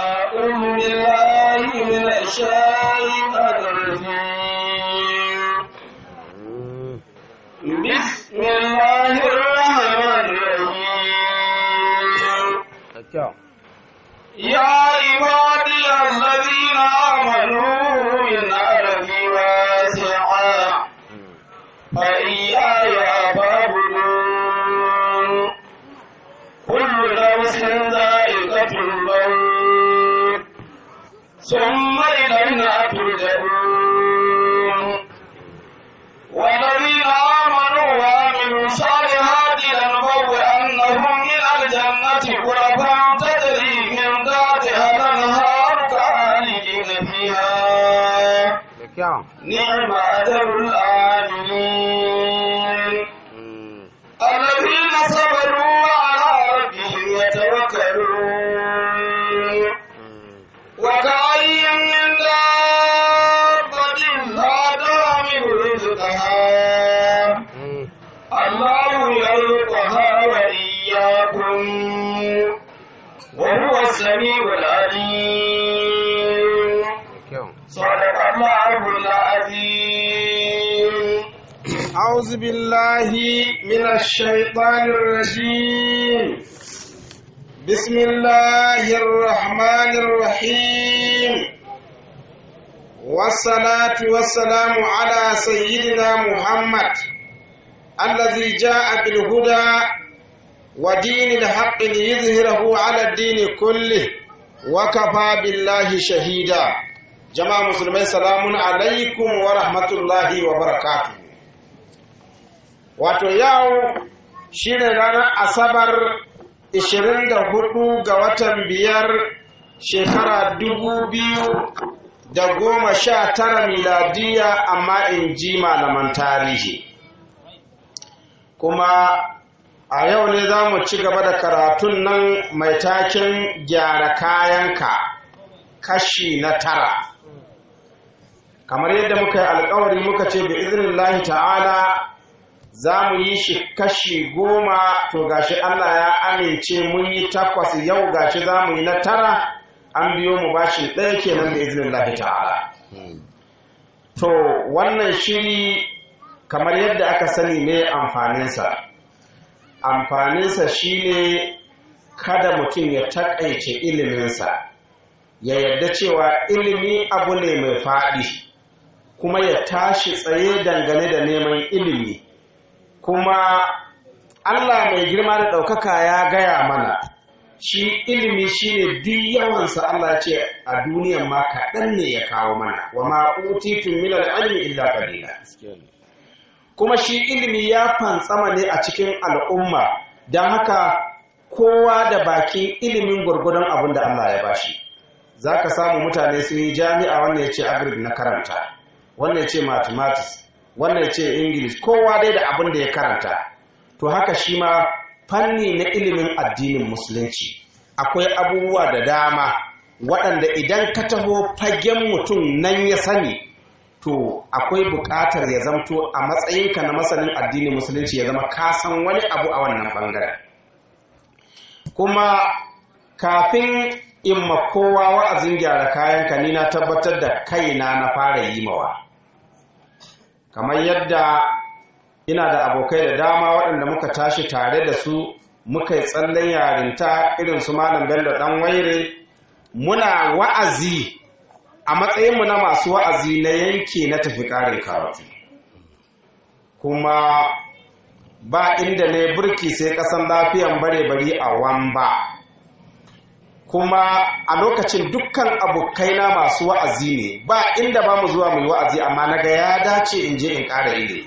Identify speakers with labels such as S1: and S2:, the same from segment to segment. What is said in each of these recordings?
S1: أعوذ بالله من الشيطان ni'mal qur'anu
S2: بالله من الشيطان الرجيم بسم الله الرحمن الرحيم والصلاة والسلام على سيدنا محمد الذي جاء بالهدى ودين الحق ليظهره على الدين كله وكفى بالله شهيدا جماعة مسلمين سلام عليكم ورحمة الله وبركاته wato yau shi ne ranar asabar 24 ga watan biyar shekara 2019 miladiya amma in ji malaman tarihi kuma a yau ne za mu ci gaba da karatun nan mai taken gyara kayanka kashi na tara kamar yadda muka yi alkawari muka ce bi izinin ta'ala za mu yi shi kashi goma to gashi Allah ya amince mun yi takwas yau gashi za mu yi na tara an biyo mu shi ɗaya kenan da izinin lafi ta'ala to wannan shiri kamar yadda aka sani ne amfaninsa amfaninsa shi ne kada mutum ya taƙaice iliminsa ya yarda cewa ilimi abu ne mai faɗi kuma ya tashi tsaye dangane da neman ilimi kuma Allah mai girma da ɗaukaka ya gaya mana shi ilimi shi ne duk yawansa Allah ce a duniyan ma kaɗan ne ya kawo mana wa ma utitun min ilmi illa qalila kuma shi ilimi ya fantsama ne a cikin al'umma don haka kowa da bakin ilimin gwargwadon abin da Allah ya bashi za ka samu mutane sun yi jami'a wannan ya ce agrib na karanta wannan ya ce mathematics wannan ce ingilis kowa dai da abin da ya karanta to haka shi ma fanni na ilimin addinin musulunci akwai abubuwa da dama waɗanda idan ka taho fagen mutum nan ya sani to akwai buƙatar ya zamto a matsayinka na masanin addinin musulunci ya zama ka san wani abu a wannan ɓangaren kuma kafin in ma kowa wa'azin gyara kayanka ni na tabbatar da kaina na fara yi mawa kamar yadda ina da abokai da dama waɗanda muka tashi tare da su muka yi tsallen yarinta irin su malam bello ɗan waire muna wa'azi a matsayinmu na masu wa'azi na yanki na tafi ƙarin karatu kuma ba inda ne burki sai ƙasan lafiyan bare bari a wamba kuma a lokacin dukkan abokaina masu wa'azi ne ba inda ba mu zuwa mu wa'azi amma na ga ya dace in je in ƙara ile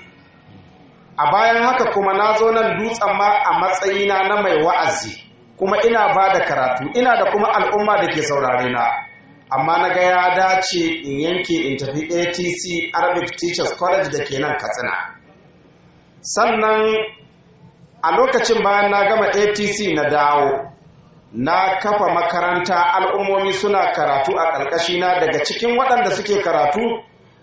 S2: a bayan haka kuma na zo nan dutsen ma a matsayina na mai wa'azi kuma ina ba da karatu ina da kuma al'umma da ke saurare na amma na ga ya dace in yanke in tafi atc arabic teachers college da ke nan katsina sannan a lokacin bayan na gama atc na dawo na kafa makaranta al'ummomi suna karatu a ƙarƙashina daga cikin waɗanda suke karatu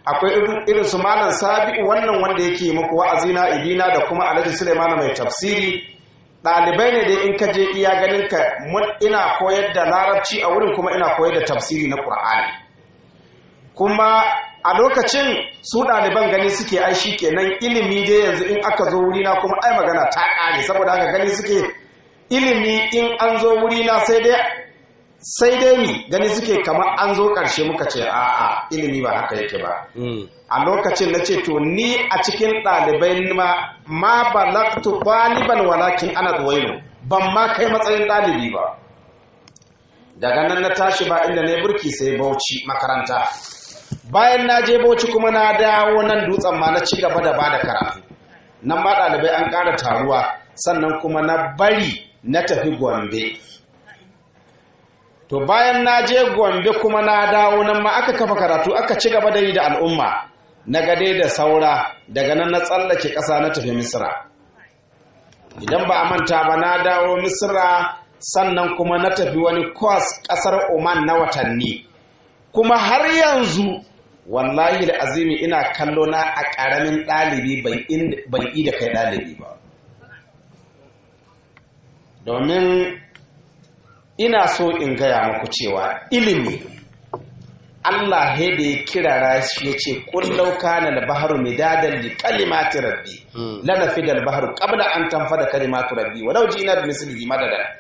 S2: akwai irin su malam sabi'u wannan wanda yake muku wa'azi na idina da kuma alhaji sulaimana mai tafsiri ɗalibai ne dai in ka je iya ganin ka ina koyar da larabci a wurin kuma ina koyar da tafsiri na ƙur'ani kuma a lokacin su ɗaliban gani suke aishi shi kenan ilimi dai yanzu in aka zo wurina kuma ai magana ta ƙare saboda haka gani suke ilimi in an zo wuri na sai dai sai dai mi gani suke kamar an zo karshe muka ce a ilimi ba haka yake ba hmm. a lokacin na ce to ni a cikin ɗalibai ma ma balagtu ɗaliban walakin ana ɗuwaino ban ma kai matsayin ɗalibi ba daga nan na tashi ba inda na burki sai bauchi makaranta bayan na je bauchi kuma na dawo nan dutsen ma na ci gaba da ba da karatu nan ma ɗalibai an ƙara taruwa sannan kuma na bari na tafi gombe to bayan na je gombe kuma na dawo nan ma aka kafa karatu aka ci gaba da yi da al'umma na gade da saura daga nan na tsallake ƙasa na tafi misira. idan ba a manta ba na dawo misira sannan kuma na tafi wani kwas ƙasar oman na watanni kuma har yanzu wallahi da azimi ina kallo na a ƙaramin ɗalibi ban da kai ɗalibi ba domin ina so in gaya maku cewa ilimi Allah he da ya kirara ya ce kullau kana al-bahru midadan li kalimati rabbi hmm. la nafida al qabla an tanfada kalimatu rabbi walau ji'na bi mislihi madada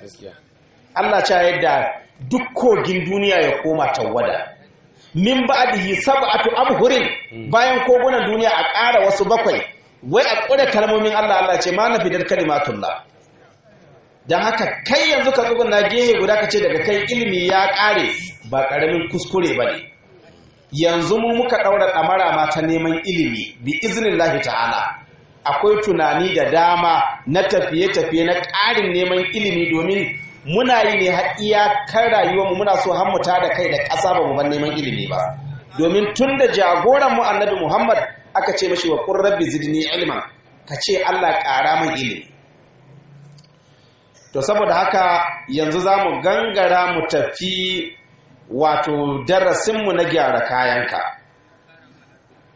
S2: Allah ya yadda duk kogin duniya ya koma tawada min ba'dihi sab'atu abhurin hmm. bayan kogunan duniya a ƙara wasu bakwai wai a ƙure kalmomin Allah Allah ce ma nafidar kalimatullah don haka kai yanzu ka na gehe guda ka ce daga kai ilimi ya kare ba karamin kuskure ba ne yanzu mu muka ɗaura ɗamara ma ta neman ilimi bi izinin lahi ta'ala akwai tunani da dama na tafiye-tafiye na ƙarin neman ilimi domin muna yi ne har iyakar rayuwarmu muna so hammuta da kai da ƙasa ba mu ban neman ilimi ba domin tun da jagoran mu annabi muhammad aka ce mashi wa qur rabbi zidni ilma ka ce allah ƙara min ilimi to saboda haka yanzu za mu gangara mu tafi wato darasinmu na gyara kayanka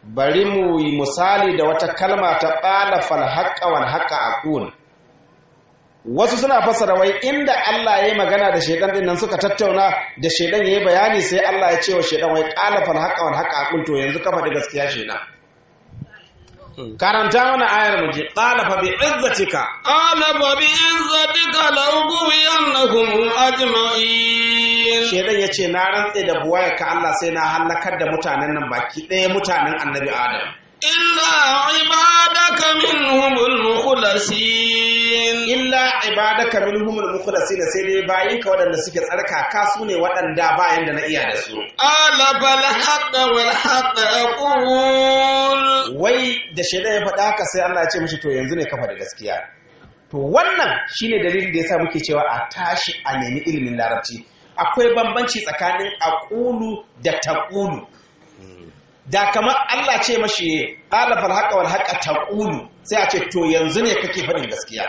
S2: bari mu yi misali da wata kalma ta ɓalafal haƙƙa wal haƙƙa a kun wasu suna fassara wai inda Allah ya yi magana da shaidan din nan suka tattauna da shaidan ya yi bayani sai Allah ya ce wa shaidan wai ƙalafal haƙƙa wal haƙƙa a kun to yanzu kafa da gaskiya shaidan
S1: karanta mana ayar mu ji qala fa bi izzatika qala fa bi izzatika la ughwiyannahum ajma'in shedan yace
S2: na rantse da buwaya ka Allah sai na halakar da mutanen nan baki ɗaya mutanen annabi Adam
S1: illa ibadaka
S2: minhumul mukhlasin illa ibadaka minhumul mukhlasin sai dai bayin ka wadanda suke tsarka ka su ne wadanda da na iya dasu. su
S1: ala bal hadda wal
S2: wai da shaida ya faɗa ka sai Allah ce mishi to yanzu ne ka faɗa gaskiya to wannan shine dalilin da yasa muke cewa a tashi a nemi ilimin larabci akwai bambanci tsakanin aƙulu da taqulu da kamar Allah ce mashi qala fal haqa wal ta ƙulu sai a ce to yanzu ne kake faɗin gaskiya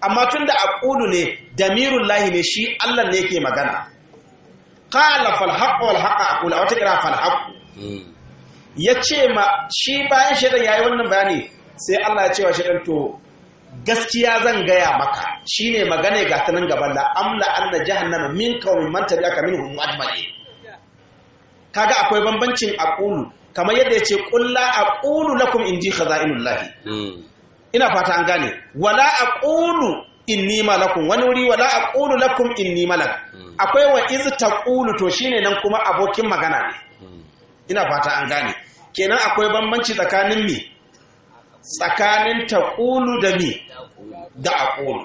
S2: amma tun da ƙulu ne damirun lahi ne shi Allah ne yake magana qala fal haqa a haqa a wata ƙira fal Ya ce ma shi bayan ya yi wannan bayani sai Allah ya ce wa shaidan to gaskiya zan gaya maka shine magana ga ta nan gaban da amla anna jahannama min qaumin man tabi'aka minhum ajma'in kaga akwai bambancin aqulu kamar yadda ya ce ƙulla a ƙulu lakum in ji lahi ina fata an gane wala a ƙulu in nima lakum wani wuri wala a ƙulu lakum in nima lakum hmm. akwai wa iz ta ƙulu to shine nan kuma abokin magana ne hmm. ina fata an gane kenan akwai bambanci tsakanin mi tsakanin ta ƙulu da mi da a ƙulu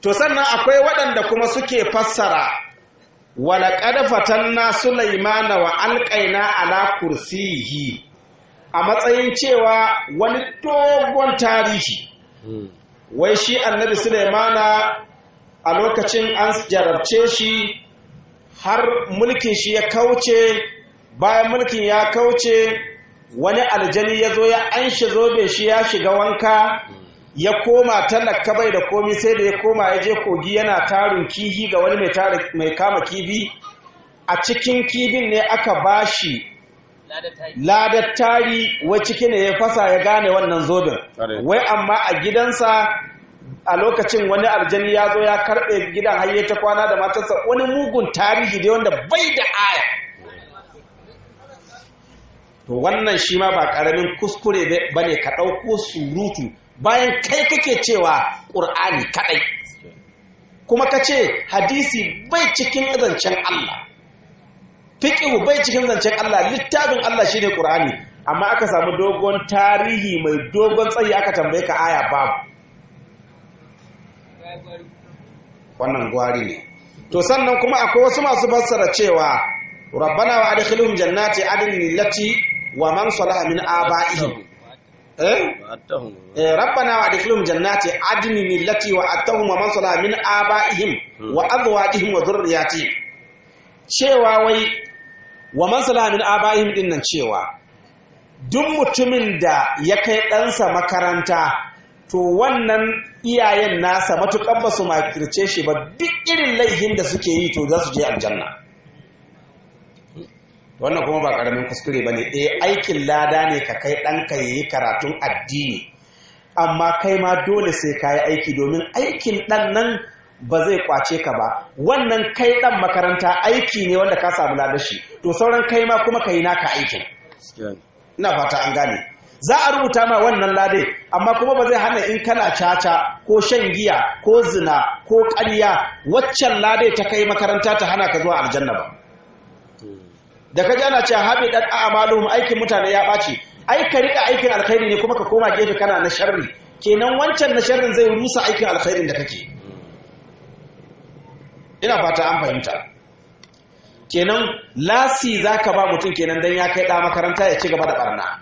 S2: to sannan akwai waɗanda kuma suke fassara walaƙad fatanna sulaimana wa alƙaina ala a matsayin cewa wani dogon tarihi hmm. wai shi annabi sulaimana a lokacin an jarabce shi har mulkin shi ya kauce bayan mulkin ya kauce wani aljani ya zo ya an shi zobe shi ya shiga wanka hmm. ya koma talaka bai da komi sai da ya koma ya je kogi yana tarin kihi ga wani mai kama kibi a cikin kibin ne aka bashi ladar tari wai ciki ne ya fasa ya gane wannan zobin wai amma a gidansa a lokacin wani aljani ya zo ya karɓe gidan hayye ta kwana da matarsa wani mugun tarihi dai wanda bai da aya to wannan shi ma ba karamin kuskure ba ne ka ɗauko surutu bayan kai kake cewa ƙur'ani kaɗai kuma ka ce hadisi bai cikin zancen Allah fiƙihu bai cikin zancen Allah littafin Allah shi ne ƙur'ani amma aka samu dogon tarihi mai dogon tsayi aka tambaye ka aya babu wannan gwari ne to sannan kuma akwai wasu masu fassara cewa rabbana wa adkhilhum jannati adnin allati wa man salaha min aba'ihim
S1: eh
S2: rabbana wa adkhilhum jannati adnin allati wa atahum wa man salaha min aba'ihim wa azwajihim wa dhurriyyatihim cewa wai wa man salaha min aba'ihim din nan cewa duk mutumin da ya kai ɗansa makaranta to wannan iyayen nasa matuƙan ba su makirce shi ba duk irin laihin da suke yi to za su je aljanna wannan kuma ba karamin kuskure ba ne eh aikin lada ne ka kai ɗanka ya yi karatun addini amma kai ma dole sai ka yi aiki domin aikin ɗan nan ba zai kwace ka ba wannan kai ɗan makaranta aiki ne wanda ka samu ladashi to sauran kai ma kuma ka yi naka aikin ina fata an gane za a rubuta ma wannan lade, amma kuma ba zai hana in kana caca ko shan giya ko zina ko ƙarya waccan lade ta kai makaranta ta hana ka zuwa aljanna ba da ka gana cewa habi dan a'maluhum aikin mutane ya ɓaci ai ka rika aikin alkhairi ne kuma ka koma gefe kana na sharri kenan wancan na sharrin zai rusa aikin alkhairin da kake ina fata an fahimta kenan lasi zaka ba mutum kenan dan ya kai da makaranta ya ci gaba da barna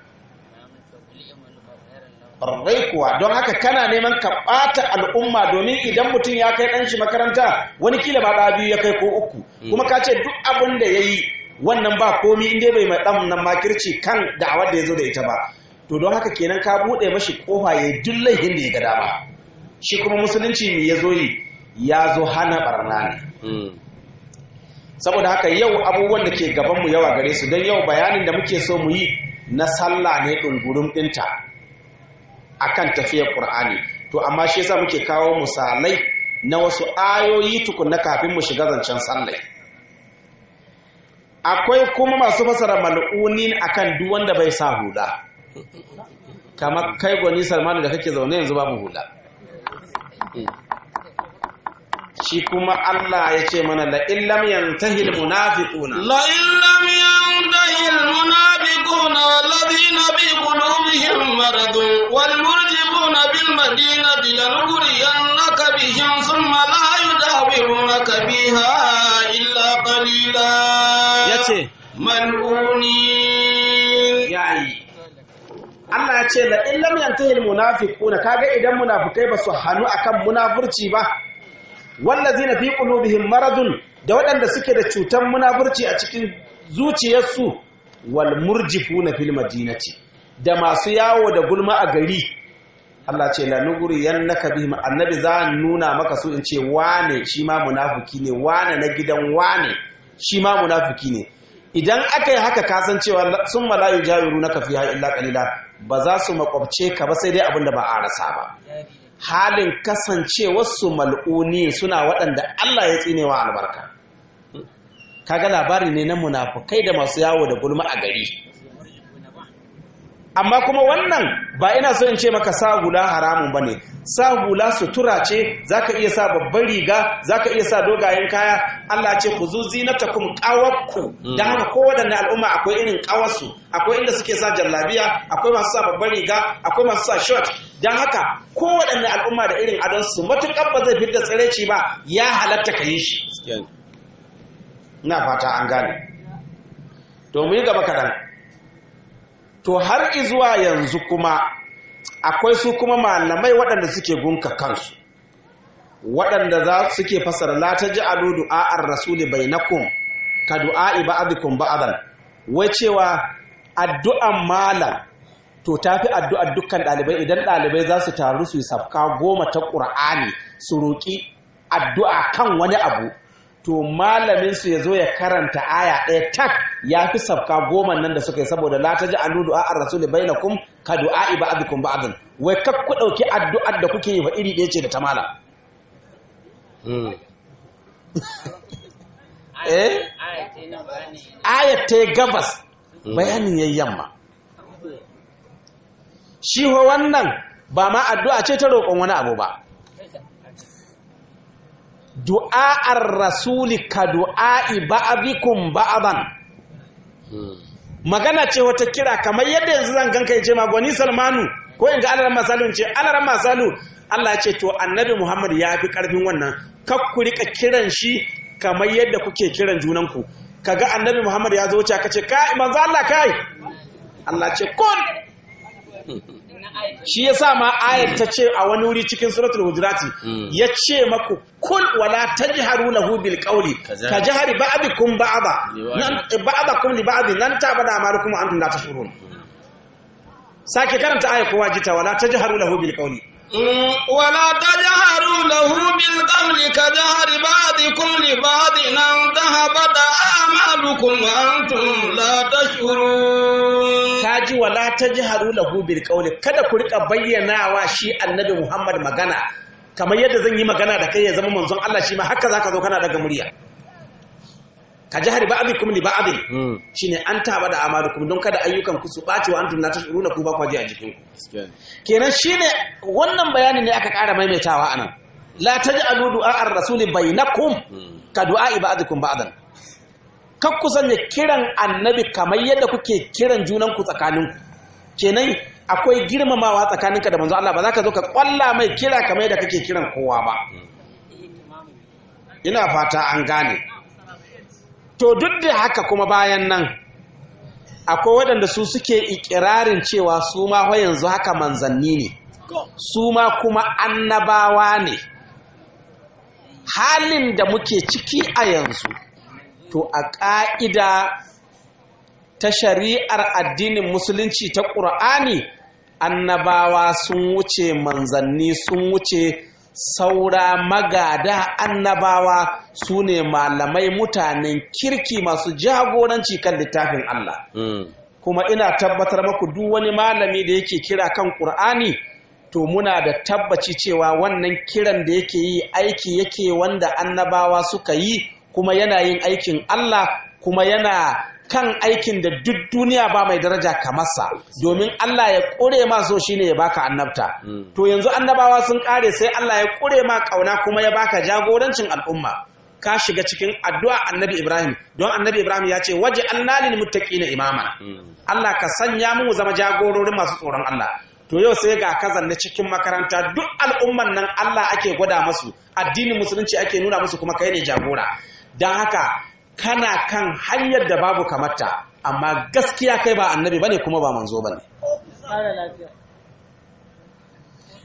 S2: ƙarrai kuwa don haka kana neman ka ɓata al'umma domin idan mutum ya kai ɗanshi makaranta wani kila ba ɗa ya kai ko uku kuma ka ce duk abin da ya yi wannan ba komi inda bai mai dan nan makirci kan da'awar da ya zo da ita ba to don haka kenan ka buɗe mashi kofa ya yi duk laihin da ya ga dama shi kuma musulunci mai ya zo yi ya zo hana barna ne hmm. saboda haka yau abubuwan da ke gaban mu yawa gare su don yau bayanin da muke so mu yi na sallah ne ɗungurin ɗinta a kan tafiyar ƙur'ani to amma shi yasa muke kawo misalai na wasu ayoyi tukun na kafin mu shiga zancen sallai akwai kuma masu fasara mal'unin akan duk wanda bai sa hula kamar kai gwani salmanu da kake zaune yanzu babu hula shi kuma Allah ya ce mana la illam yantahi munafiquna la
S1: illam yantahi munafiquna walladhina bi qulubihim maradun wal murjibuna bil madinati lanughriyannaka bihim thumma la yudawirunaka biha illa qalila yace mal'uni yayi
S2: Allah ya ce la illam yantahi munafiquna kaga idan munafikai ba su hanu akan munafurci ba wallazina fi qulubihim maradun da waɗanda suke da cutar munafurci a cikin zuciyarsu wal murjifuna fil madinati da masu yawo da gulma a gari Allah ce la nuguri yannaka bihim annabi za nuna maka su in ce wane shi ma munafiki ne wane na gidan wane shi ma munafiki ne idan aka yi haka kasancewa sun malayu jawiru na kafiya illa kalila ba za su makwabce ka ba sai dai abin da ba a rasa ba halin kasancewarsu mal'uni suna waɗanda Allah ya tsinewa albarka Ka kaga labari ne na munafukai da masu yawo da gulma a gari amma kuma wannan ba ina so in ce maka sa hula haramun ba ne sa hula sutura ce za ka iya sa babban riga za ka iya sa dogayen kaya allah ce ku zuzi na takum kawarku mm. da haka kowaɗanne al'umma akwai irin kawarsu akwai inda suke sa jallabiya akwai masu sa babban riga akwai masu sa shot don haka kowaɗanne al'umma da irin adon su matuƙar ba zai fitar tsiraici ba ya halatta ka yi shi na fata an gane to gaba kaɗan to har izuwa yanzu kuma akwai su kuma malamai waɗanda suke gunka kansu waɗanda za suke fasara la ta ji alu du'a'ar rasuli bainakum ka du'a'i ba'dikum ba'dan wai cewa addu'an malam to ta fi addu'ar dukkan ɗalibai idan ɗalibai za su taru su yi safka goma ta ƙur'ani su roƙi addu'a kan wani abu to malamin su zo ya karanta aya ɗaya tak ya fi safka goma nan da suka yi saboda la taji an du'a ar-rasul bainakum ka du'a ba'dukum ba'dan wai kak ku dauki addu'ar da kuke yi wa iri ɗaya ce da ta malam hmm. eh ta ta gabas hmm. bayanin yamma. shi ho wannan ba ma addu'a ce ta roƙon wani abu ba du'a'ar rasuli ka du'a'i ba'abikum ba'aban magana ce wata kira kamar yadda yanzu zan ganka yace magwani salmanu ko in ga alaran masalu ce alaran masalu Allah ya ce to annabi Muhammad ya fi karfin wannan kak ka kiran shi kamar yadda kuke kiran junanku kaga annabi Muhammad ya zo wuce ka ce kai manzo Allah kai Allah ce kun shi ya sa ma ayar ta ce a wani wuri cikin suratul hujurati hmm. ya ce maku kul wala tajharu lahu bil qawli ka jahari ba'dikum ba'da nan ba'dakum li ba'din nan ta bada amarukum antum la tashurun hmm. sake karanta ayar kowa jita wala tajharu lahu bil qawli
S1: ولا تجهروا له بالقول كجهر بعضكم لبعض أن تهبط أعمالكم وأنتم لا تشعرون كاجي ولا تجهروا
S2: له بالقول kada ku rika bayyanawa shi annabi Muhammad magana kamar yadda zan yi magana da kai ya zama manzon Allah shi ma haka zaka zo kana daga murya ka jahari ba abin hmm. shi ne an taba da kuma don kada ayyukan ku su bace wa antum la ku ba ku a jikin ku kenan ne wannan bayani ne aka ƙara maimaitawa anan la taj'alu rasuli bai na bainakum hmm. ka du'a ba'dikum ba'dan kar ku sanya kiran annabi kamar yadda kuke kiran junanku ku kenan akwai girmamawa tsakaninka da manzo Allah ba za ka zo ka kwalla mai kira kamar yadda kake kiran kowa ba hmm. ina fata an gane to duk da haka kuma bayan nan akwai waɗanda su suke ikirarin cewa su ma yanzu haka manzanni ne su ma kuma annabawa ne halin da muke ciki a yanzu to a
S1: ƙa'ida
S2: ta shari'ar addinin musulunci ta ƙur'ani annabawa sun wuce manzanni sun wuce saura magada annabawa su ne malamai mutanen kirki masu jagoranci kan littafin Allah hmm. kuma ina tabbatar maku duk wani malami da yake kira kan ƙur'ani to muna da tabbaci cewa wannan kiran da yake yi aiki yake wanda annabawa suka yi kuma yana yin aikin Allah kuma yana kan aikin da duk duniya ba mai daraja kamarsa domin Allah ya ƙure ma so shine ya baka annabta hmm. to yanzu annabawa sun kare sai Allah ya kure ma ƙauna kuma ya baka jagorancin al'umma ka shiga cikin addu'a annabi Ibrahim don annabi Ibrahim ya ce waje Allah muttaqina imama hmm. Allah ka sanya mu zama jagororin masu tsoron Allah to yau sai ga ka zanne cikin makaranta duk al'umman nan Allah ake gwada masu addinin musulunci ake nuna musu kuma kai ne jagora don haka kana kan hanyar da babu kamata amma gaskiya kai ba annabi bane kuma ba manzo bane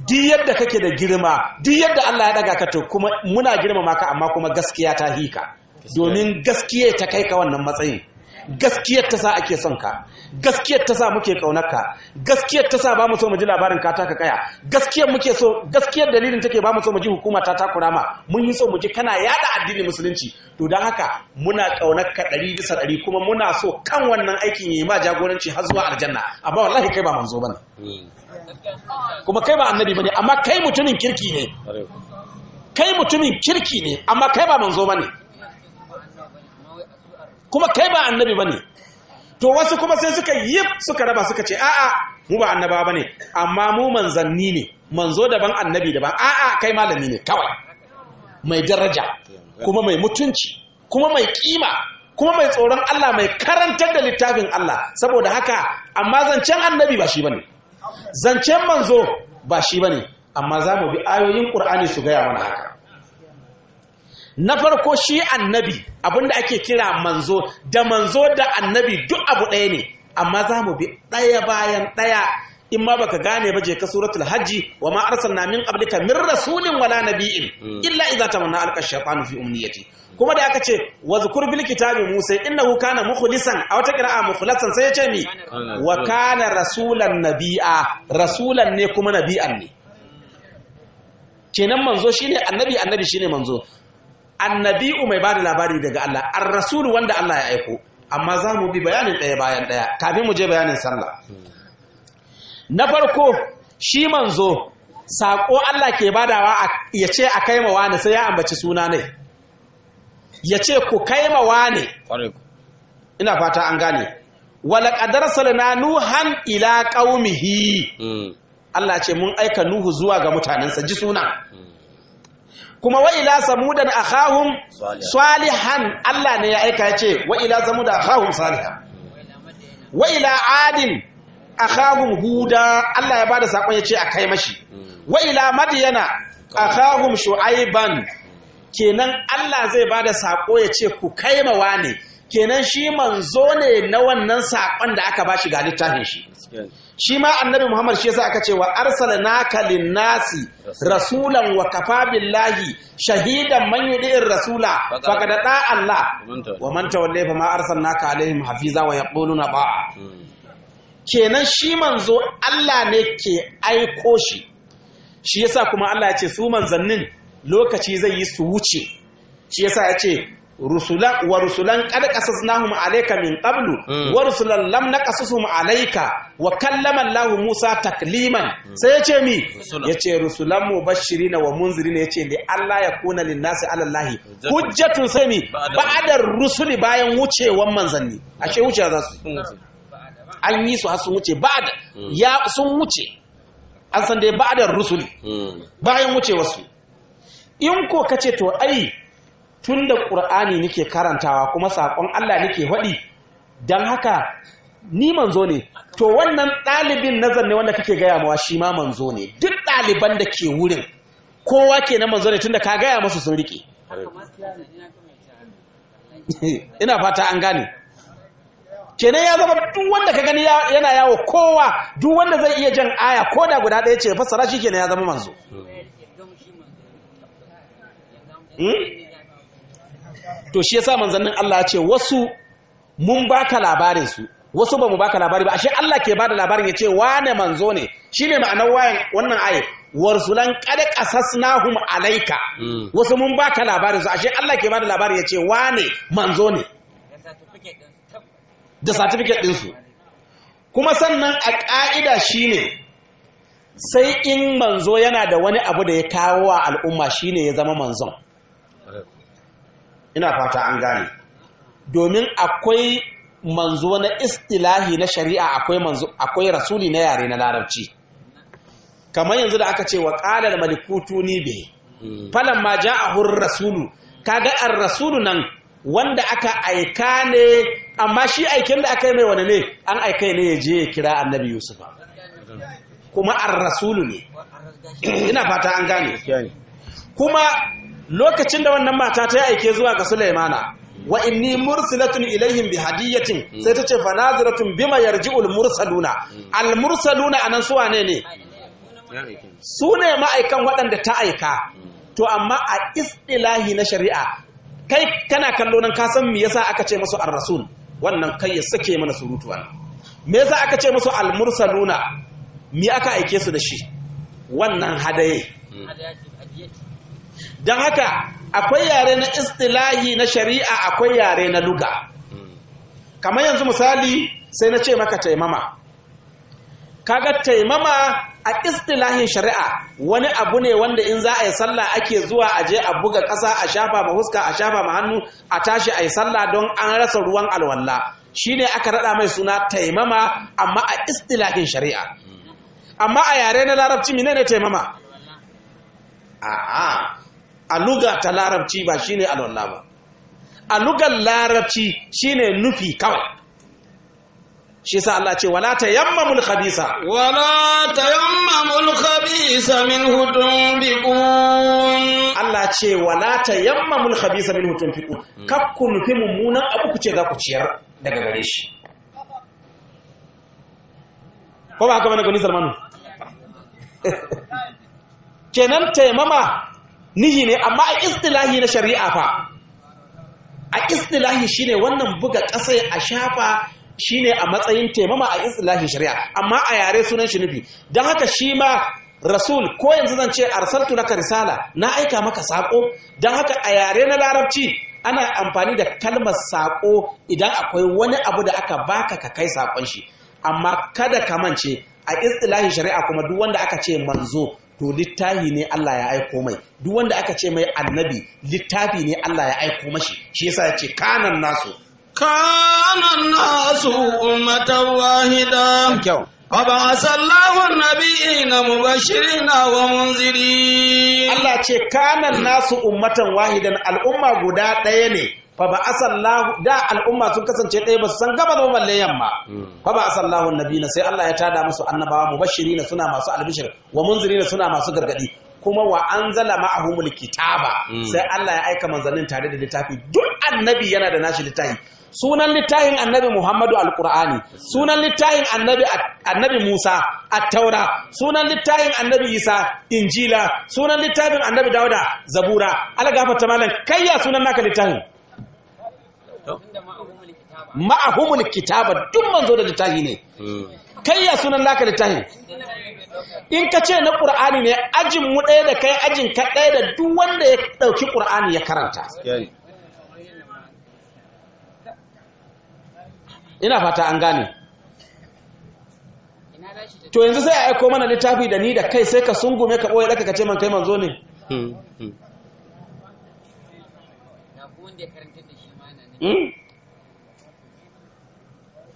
S2: duk yadda kake da girma duk yadda Allah ya daga ka to kuma muna girma maka, amma kuma gaskiya ta hika domin gaskiya ta kai ka wannan matsayin gaskiyar ta sa ake son ka gaskiyar ta sa muke kaunar ka gaskiyar ta sa ba mu so mu ji labarin ka taka kaya gaskiyar muke so gaskiyar dalilin take ba mu so mu ji hukuma ta takura ma mun yi so mu ji kana yada addinin musulunci to dan haka muna kaunar ka ɗari bisa ɗari kuma muna so kan wannan aikin yayi ma jagoranci har zuwa aljanna amma wallahi kai ba manzo bane kuma kai ba annabi bane amma kai mutumin kirki ne kai mutumin kirki ne amma kai ba manzo bane kuma kai ba annabi bane to wasu kuma sai suka yi suka raba suka ce a'a mu ba annaba bane amma mu manzanni ne manzo daban annabi daban a'a kai malami ne kawai mai daraja kuma mai mutunci kuma mai kima kuma mai tsoron Allah mai karantar da littafin Allah saboda haka amma zancen annabi ba shi bane zancen manzo ba shi bane amma za mu bi ayoyin Qur'ani su gaya mana haka na farko shi annabi abinda ake kira manzo da manzo da annabi duk abu ɗaya ne amma za mu bi ɗaya bayan ɗaya in ma baka gane ba je ka suratul hajji wa ma arsalna min qablika min rasulin wala nabiyyin hmm. illa idza tamanna alqa shaytanu fi umniyati kuma da aka ce wa zukur bil kitabi musa innahu kana mukhlisan a wata qira'a mukhlasan sai ya ce mi wa kana rasulan nabi'a rasulan ne kuma nabi'an ne kenan manzo shine annabi annabi shine manzo annabi'u mai bada labari daga Allah ar-rasulu wanda Allah ya aiko amma za mu bi bayanin ɗaya bayan ɗaya kafin mu je bayanin sallah na farko shi manzo saƙo Allah ke badawa ya ce a kai mawa ne sai ya ambaci suna ne ya ce ku kai mawa ne ina fata an gane wala ƙadar salina nuhan ila ƙaumihi hmm. Allah ce mun aika nuhu zuwa ga mutanensa ji suna hmm. kuma wa ila samudan akhahum salihan Allah ne ya aika ce wa ila da a salihan wa ila adin akhahum huda Allah ya ba da saƙon ya ce a kai mashi hmm. wa ila madyana akhahum shu'aiban kenan Allah zai bada saƙo ya ce ku kai mawa ne kenan shi manzo ne na wannan saƙon da aka bashi ga littafin shi shi ma annabi muhammad shi yasa aka ce wa arsalnaka linnasi rasulan wa kafa billahi shahidan man yudi'ir rasula faqad da Allah wa man tawalla fa ma arsalnaka alaihim hafiza wa yaquluna ba kenan shi manzo Allah ne ke aiko shi shi yasa kuma Allah ya ce su manzannin lokaci zai yi su wuce shi yasa ya ce rusulan wa rusulan qad qasasnahum alayka min qablu mm. wa rusulan lam naqasuhum alayka wa kallama Allah Musa takliman sai yace mi yace rusulan mubashirin wa munzirin yace li Allah ya kuna lin nasi ala Allah hujjatun sai mi ba'da rusuli bayan wucewan manzanni ashe wuce za su an yi su har sun wuce ba'da mm. ya sun wuce an san dai ba'da rusuli mm. bayan wucewa su in ko kace to ai tun da ƙur'ani nike karantawa kuma saƙon Allah nake haɗi don haka ni manzo ne to wannan ɗalibin na zanne wanda kake gaya mawa shi ma manzo ne duk ɗaliban da ke wurin kowa ke na manzo ne tun da ka gaya masu sun riƙe ina fata an gane kenan ya zama duk wanda ka gani yana yawo kowa duk wanda zai iya jan aya ko da guda ɗaya ce fassara shi kenan ya zama manzo hmm? to shi yasa manzannin Allah ce wasu mun baka labarin su wasu ba mu baka labari ba ashe Allah ke bada labarin ya ce wane manzo ne shine ma'anar wayan wannan ayat warsulan qad qasasnahum alayka hmm. wasu mun baka labarin su ashe Allah ke bada labarin ya ce wane manzo ne da certificate din su kuma sannan a ka'ida shine sai in manzo yana da wani abu da ya kawo wa al'umma shine ya zama manzon ina fata an gane domin akwai manzo na istilahi na shari'a akwai manzo akwai rasuli na yare na larabci kamar yanzu da aka ce wa qalal malikutu ni bi hmm. falan ma hur rasulu kaga ar-rasulu nan wanda aka aika ne amma shi aikin da aka yi mai wani ne an aika ne ya je ya kira annabi yusufa kuma ar-rasulu ne ina fata an gane kuma lokacin da wannan mata ta yi aike zuwa ga sulaimana wa inni mursilatun ilayhim bi hadiyatin hmm. sai ta ce fa naziratun bima yarji'ul mursaluna hmm. al mursaluna anan su wane ne su ne ma'aikan waɗanda ta aika hmm. to amma a istilahi na shari'a kai kana kallo nan ka san me yasa aka ce musu ar-rasul wannan kai ya sake mana surutu wannan me yasa aka ce musu al mursaluna me aka aike su da shi wannan hadaye don haka akwai yare na istilahi na shari'a akwai yare na luga kamar yanzu misali sai na ce maka taimama kaga taimama a istilahin shari'a wani abu ne wanda in za a yi sallah ake zuwa a je a buga ƙasa a shafa ma huska a shafa ma hannu a tashi a yi sallah don an rasa ruwan alwalla shine aka raɗa mai suna taimama amma a istilahin shari'a amma a yare na larabci menene taimama a'a a luga ta larabci ba shine alwala ba a lugar larabci shine nufi kawai shi sa Allah ce wala mul khabisa wala mul khabisa min hutun biqun Allah ce wala mul khabisa min hutun biqun kar ku nufi mummunan abu ku ce za ku ciyar daga gare shi ko ba haka bane gani salmanu kenan taimama nihi ne amma a istilahi na shari'a fa a istilahi shine wannan buga ƙasa a shafa shine a matsayin taimama a istilahi shari'a amma a yare sunan shi nufi don haka shi ma rasul ko yanzu zan ce arsaltu na risala na aika maka sako don haka a yare na larabci ana amfani da kalmar sako idan akwai wani abu da aka baka ka kai sakon shi amma kada ka mance a istilahi shari'a kuma duk wanda aka ce manzo to littafi ne Allah ya aiko mai duk wanda aka ce mai annabi littafi ne Allah ya aiko mashi shi yasa ya ce kanan nasu
S1: kanan nasu ummatan wahida kyau فبعث الله النبيين مبشرين ومنذرين Allah ce kanan
S2: nasu ummatan wahidan al'umma guda ɗaya ne fa ba asallahu da al'umma sun kasance ɗaya ba su san gaba zama balle yamma hmm. fa ba asallahu annabina sai Allah ya tada musu annabawa mubashirina suna masu albishir wa munzirina suna masu gargadi kuma wa anzala ma'ahumul kitaba hmm. sai Allah ya aika manzannin tare da littafi duk annabi yana da nashi littafi sunan littafin annabi muhammadu alkur'ani sunan littafin annabi musa attaura sunan littafin annabi isa injila sunan littafin annabi dauda zabura algafata malam kayya sunan naka littafin ma'ahumul kitaba duk manzo da littafi ne hmm. kai ya sunan laka littafi in ka ce na ƙur'ani ne ajin mu ɗaya da kai ajin ka ɗaya da duk wanda ya ɗauki ƙur'ani ya karanta ina fata an gane to yanzu sai a aiko mana littafi da ni da kai sai ka sungume ka ɓoye ɗaka ka ce man kai manzo ne
S3: hmm. Hmm.
S2: Hmm?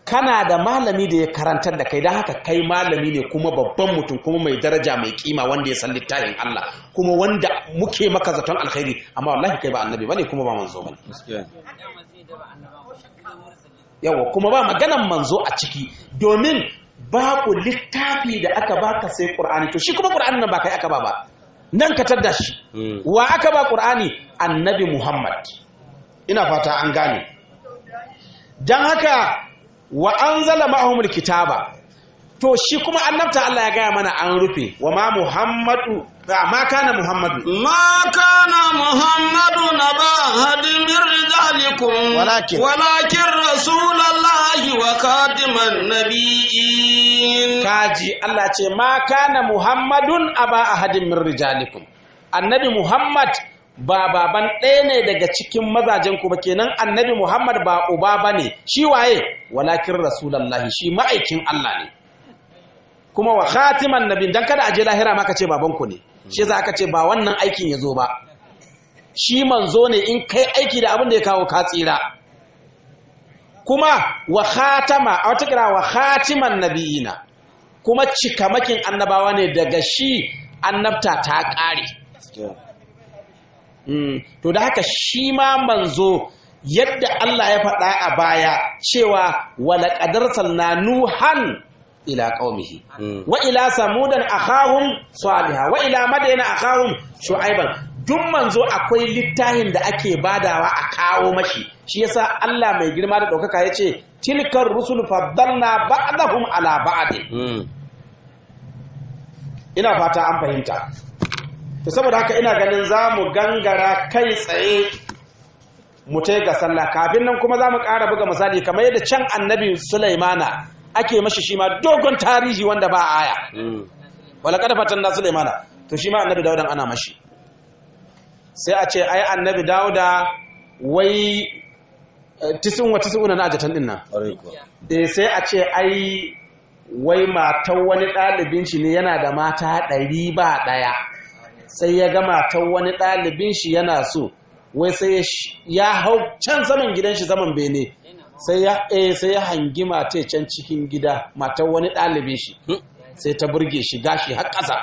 S2: kana da malami da ya karantar da kai don haka kai malami ne kuma babban mutum kuma mai daraja mai kima wanda ya san littafin Allah kuma wanda muke maka zaton alkhairi amma wallahi kai ba annabi bane kuma ba manzo bane yawa kuma ba maganan manzo a ciki domin babu littafi da aka baka sai qur'ani to shi kuma qur'ani nan ba kai aka ba ba nan ka tadda shi hmm. wa aka ba qur'ani annabi muhammad ina fata an gane Don haka wa an zala ma'ahumul kitaba to shi kuma annabta Allah ya gaya mana an rufe wa ma muhammadu ma kana muhammadu ma
S1: kana muhammadu na ba hadin birni rijalikum walakin walakin rasulullahi wa kadiman nabiyyin kaji Allah
S2: ce ma kana muhammadun a hadin min rijalikum annabi muhammad ba baban ɗaya ne daga cikin mazajen ku ba kenan annabi Muhammad ba uba ba ne, shi waye walakin rasulullahi shi ma'aikin Allah ne kuma wa khatiman nabi dan kada aje lahira maka ce baban ku ne shi za ka ce ba wannan aikin ya zo ba shi manzo ne in kai aiki da abin da ya kawo ka tsira kuma wa khatama a wata kira wa khatiman nabiyina kuma cikamakin annabawa ne daga shi annabta ta ƙare Hmm. to da haka shi ma manzo yadda Allah ya faɗa a baya cewa wala qadar na nuhan ila qaumihi hmm. wa ila samudan akhahum salihah wa ila a akhahum shu'aiban duk manzo akwai littafin da ake badawa a kawo mashi shi yasa Allah mai girma da ɗaukaka ya ce tilkar rusul faddalna ba'dahum ala ba'd hmm. ina fata an fahimta to saboda haka ina ganin za mu gangara kai tsaye mu ta ga sallah kafin nan kuma za mu ƙara buga misali kamar yadda can annabi sulaimana ake mashi shi ma dogon tarihi wanda ba aya hmm. wala kada fatan na sulaimana to shi ma annabi Dawuda ana mashi sai a ce ai annabi dauda wai eh, tisin wa tisin una na ajatan din nan eh, sai a ce ai wai matan wani ɗalibin shi ne yana da mata ɗari ba ɗaya sai ya gama ta wani ɗalibin shi yana so wai sai ya hau can saman gidan shi saman bene sai ya eh sai ya hangi mata can cikin gida matar wani ɗalibin shi sai ta burge shi gashi har ƙasa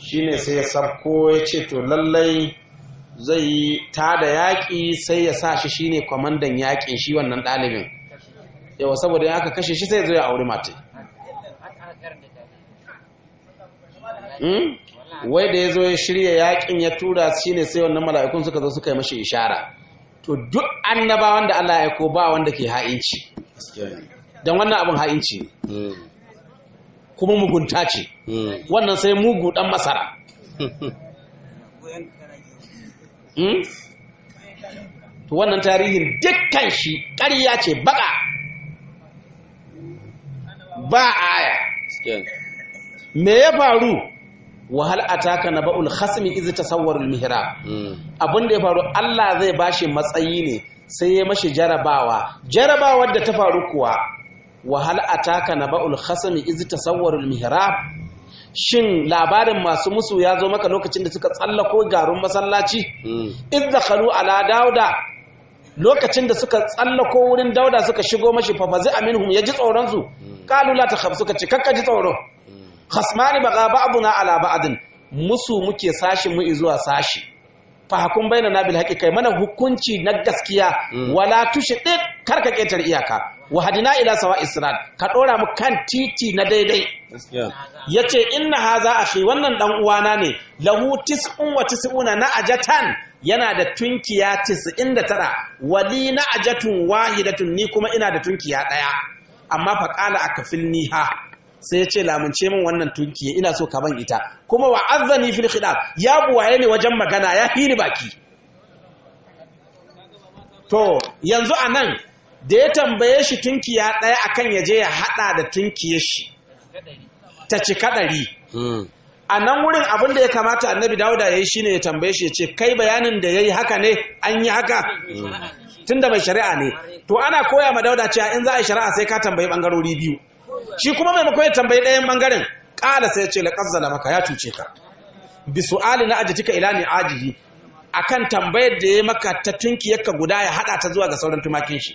S2: shine sai ya sabko ya ce to lallai zai ta da yaƙi sai ya sa shi shine kwamandan yaƙin shi wannan ɗalibin yawa saboda ya aka kashe shi sai zo ya auri mata hmm? wai da ya zo ya shirya yakin ya tura shi ne sai wannan mala'ikun suka zo suka yi mashi ishara to duk ba wanda Allah ya ko ba wanda ke ha'inci don wannan abin ha'inci ne hmm. kuma mugunta ce hmm. wannan sai mugu dan masara hmm? to wannan tarihin dukkan shi ƙarya ce baka ba aya me ya faru wahal taka na ba'ul khasmi iz tasawwarul mihira. Hmm. abin da ya faru Allah zai bashi matsayi ne sai ya mashi jarabawa jarabawar da ta faru kuwa wahal ataka na ba'ul khasmi iz tasawwarul mihira. shin labarin masu musu ya zo maka lokacin da suka tsallako garin masallaci hmm. iz dakhalu ala dauda lokacin da suka tsallako wurin dauda suka shigo mashi fafazi amin aminhum ya ji tsoron su kalu hmm. la takhaf suka ce kakka ji tsoro khasmani baga ba'duna ala ba'din musu muke sashi mu zuwa sashi fa Baina na bil haqiqa kai mana hukunci na gaskiya mm. wala tushidid karka ketar iyaka wahadina ila sawa Israr ka dora mu kan titi na daidai yace inna haza akhi wannan dan uwana ne lahu tis'un wa tis'una na ajatan yana da tunkiya 99 wali na ajatun wahidatun ni kuma ina da tunkiya daya amma fa qala akafilniha sai ya ce lamunce min wannan tunki ina so ka ban ita kuma wa azzani fil khidab ya buwaye ne wajen magana ya hini baki to yanzu anan da ya tambaye shi tunkiya ɗaya akan ya je ya haɗa da tunki shi ta cika ɗari hmm. a nan wurin abin da ya kamata annabi dauda ya yi shi ne ya tambaye shi ya ce kai bayanin da ya yi haka ne an yi haka hmm. tun da mai shari'a ne to ana koya ma dauda cewa in za a yi shari'a sai ka tambayi bangarori biyu shi kuma mai maimakon ya tambayi ɗayan ɓangaren ƙala sai ya ce na maka ya cuce ka bi su'ali na ajitika ila ni a akan tambayar da ya maka ta tunki tunkiyarka guda ya haɗa ta zuwa ga sauran tumakin shi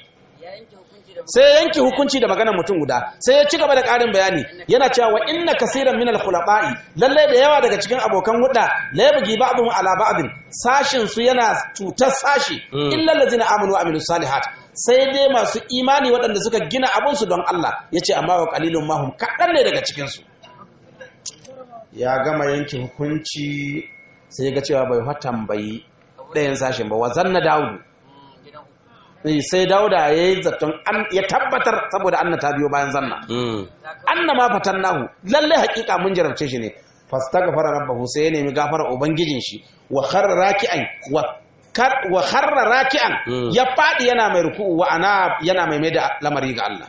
S2: sai yanki hukunci da maganar mutum guda sai ya ci gaba da ƙarin bayani yana cewa wa inna kasiran min al-khulafa'i lalle da yawa daga cikin abokan huda la yabghi ba'dhum ala ba'd sashin su yana cutar sashi hmm. illa allazina amanu wa amilus salihat sai dai masu imani waɗanda suka gina abinsu don Allah ya ce amma wa ƙalilun mahum kaɗan ne daga cikinsu ya gama yanke hukunci sai ga cewa bai bai ɗayan sashen ba Wa zanna dawudu eh, sai dauda ya yi zaton ya tabbatar saboda anna ta biyo bayan zanna hmm. anna ma fatan nahu Lallai hakika mun jarabce shi ne fastagfara rabbahu sai ya nemi gafara ubangijin shi wa kharra raki'an wa wa kharra raki'an hmm. ya fadi yana mai ruku'u wa ana yana mai mai da lamari ga Allah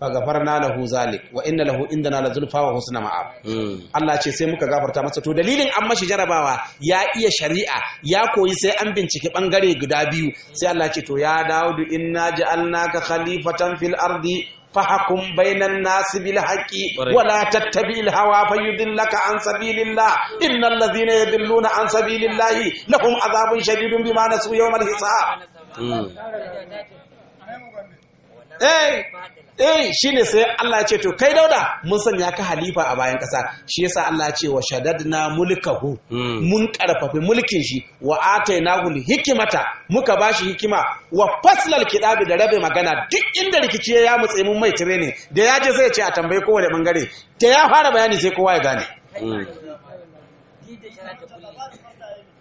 S2: fagafarna lahu zalik wa inna lahu indana la zulfa wa husna ma'ab hmm. Allah ce sai muka gafarta masa to dalilin an mashi jarabawa ya iya shari'a ya koyi sai an bincike bangare guda biyu sai Allah ce to ya Dawudu inna ja'alnaka khalifatan fil ardi fahkum bainan nasi bil haqqi wala tattabi'il hawa fayudillaka an sabilillah innal ladhina yadilluna an sabilillahi lahum azabun shadidun bima nasu yawmal hisab eh ne sai Allah ce to kai dauda mun sanya ka halifa a bayan kasa shi yasa Allah ce wa shadadna mulkahu hmm. mun karfafi mulkin shi wa atainahu hikimata muka ba shi hikima wa faslal kitabi da rabe magana duk inda rikici ya mutse mun mai ne da ya je sai ya ce a tambaye kowane bangare da ya fara bayani sai kowa ya gane hmm.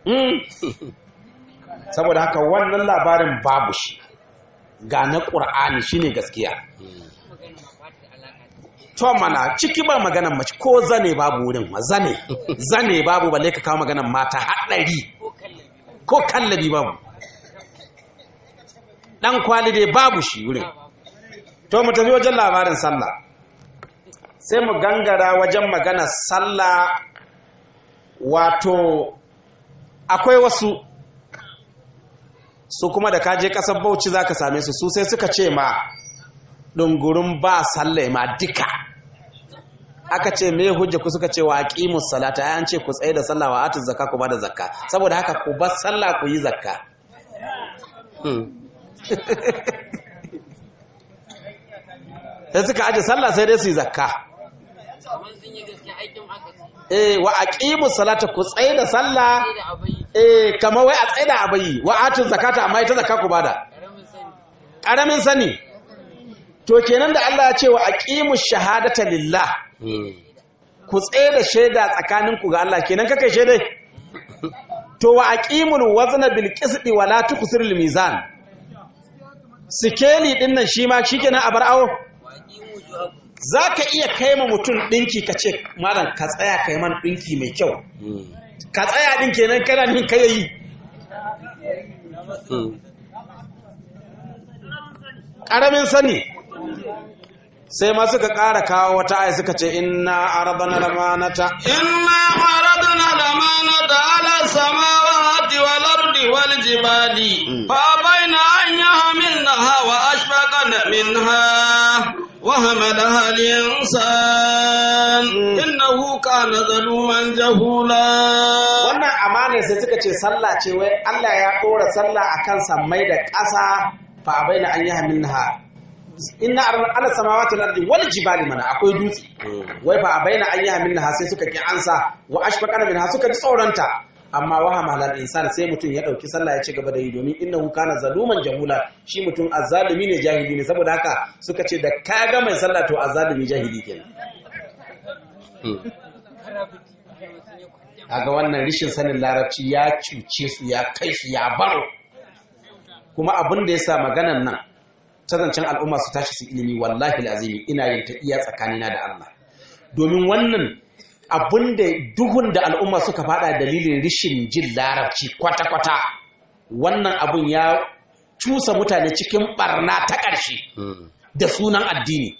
S2: Hmm. saboda haka wannan labarin babu shi ga na ƙur'ani shine gaskiya to mana ciki ba maganan mace ko zane babu wurin ma zane zane babu balle ka kawo maganan mata haɗari ko kallabi babu dan kwali dai babu shi wurin to mu tafi wajen labarin sallah sai mu gangara wajen magana sallah wato akwai wasu su kuma da kaje kasar bauchi za ka same su su sai suka ce ma ɗungurin ba sallai ma duka aka ce me hujja ku suka ce wa aqimus salata ya ce ku tsaye da sallah wa atu zakka ku bada zakka saboda haka ku ba sallah ku yi zakka hmm. sai suka aje sallah sai dai su yi zakka eh wa aqimus salata ku tsaye da sallah eh kama wai a tsaida a bayi wa zakata amma ita zakka ku bada karamin sani to kenan da Allah ya ce wa aqimu shahadata lillah ku tsaida shaida tsakanin ku ga Allah kenan kake shaidai to wa aqimu wazna bil qisdi wa la al mizan sikeli din nan shi ma shikenan a bar awo zaka iya kaima mutum dinki kace malam ka tsaya kai man dinki mai kyau ka tsaya din kenan kana nin kai yi Karamin hmm. sani sai ma suka ƙara kawo wata aya suka ce inna aradana lamanata
S1: inna aradana lamanata ala samawati wal ardi wal jibali hmm. fa منها وهملها الإنسان إنه كان ظلوما جهولا wannan
S2: amana sai suka ce sallah ce wai Allah ya ɗora sallah akan samai da ƙasa fa baina an yi minha inna ala samawati al-ardi wal jibali mana akwai dutse hmm. wai fa baina an yi minha sai suka ki ansa wa ashfaqana minha suka ji tsoronta amma wahama halal insan sai mutum ya dauki sallah ya ci gaba da yi domin hu kana zaluman jahula shi mutum azzalimi ne jahili ne saboda haka suka ce da ka ga mai sallah to azzalimi jahili kenan hmm. kaga wannan rishin sanin larabci ya cuce su ya kai su ya baro kuma abin da ya sa maganan nan ta zancen al'umma su tashi su ilimi wallahi lazimi ina yin ta iya tsakanina da Allah domin wannan abinda duhun da al'umma suka fada dalilin rishin jin larabci kwata-kwata wannan abun ya cusa mutane cikin barna ta ƙarshe da sunan addini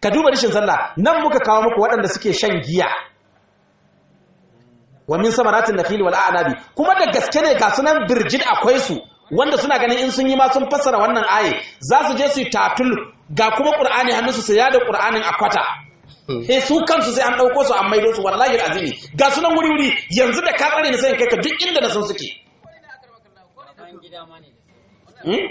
S2: ka duba rishin sallah nan muka kawo muku waɗanda suke shan giya wa min samaratin wal a'nabi kuma da gaske ne ga sunan birjin akwai su wanda suna ganin in sun yi ma sun fassara wannan aye za su je su yi tatul ga kuma qur'ani hannu su da qur'anin akwata sai hmm. su kansu sai an ɗauko su an maido su wallahi azimi ga sunan wuri wuri yanzu da ka tsare ni sai kai ka duk inda na san suke hmm?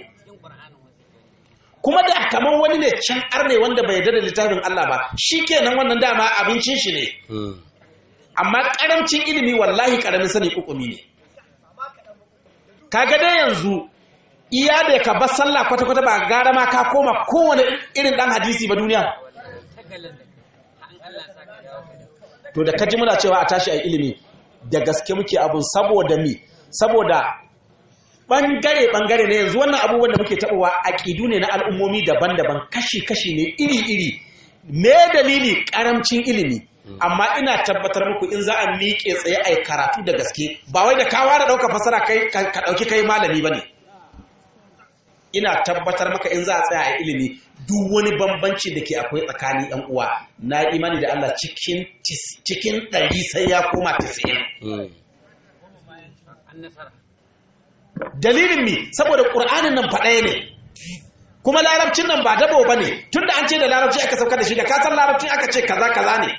S2: kuma da kamar wani ne can arne wanda bai yarda da littafin Allah ba shi kenan wannan dama abincin shi ne hmm. amma karancin ilimi wallahi karamin sani kukumi ne kaga dai yanzu iya da ka bar sallah kwata-kwata ba gara ma ka koma kowane irin dan hadisi ba duniya to da kaji muna cewa a tashi a ilimi da gaske muke abun saboda mi saboda bangare bangare ne yanzu wannan abubuwan da muke tabowa aqidu ne na al'ummomi daban-daban kashi-kashi ne iri-iri me dalili karamcin ilimi amma ina tabbatar muku in za a miƙe tsaye a karatu da gaske ba wai da kawa da ɗaukar fasara ka ɗauki kai malami ba ne ina tabbatar maka in za a tsaya a ilimi duk wani bambanci da ke akwai tsakanin yan uwa na imani da Allah cikin cikin ɗari sai ya koma tisa'in hmm. dalilin mi saboda ƙur'anin nan faɗaya ne kuma larabcin nan ba dabo ba ne tun da an ce da larabci aka sauka da shi da kasar larabcin aka ce kaza kaza ne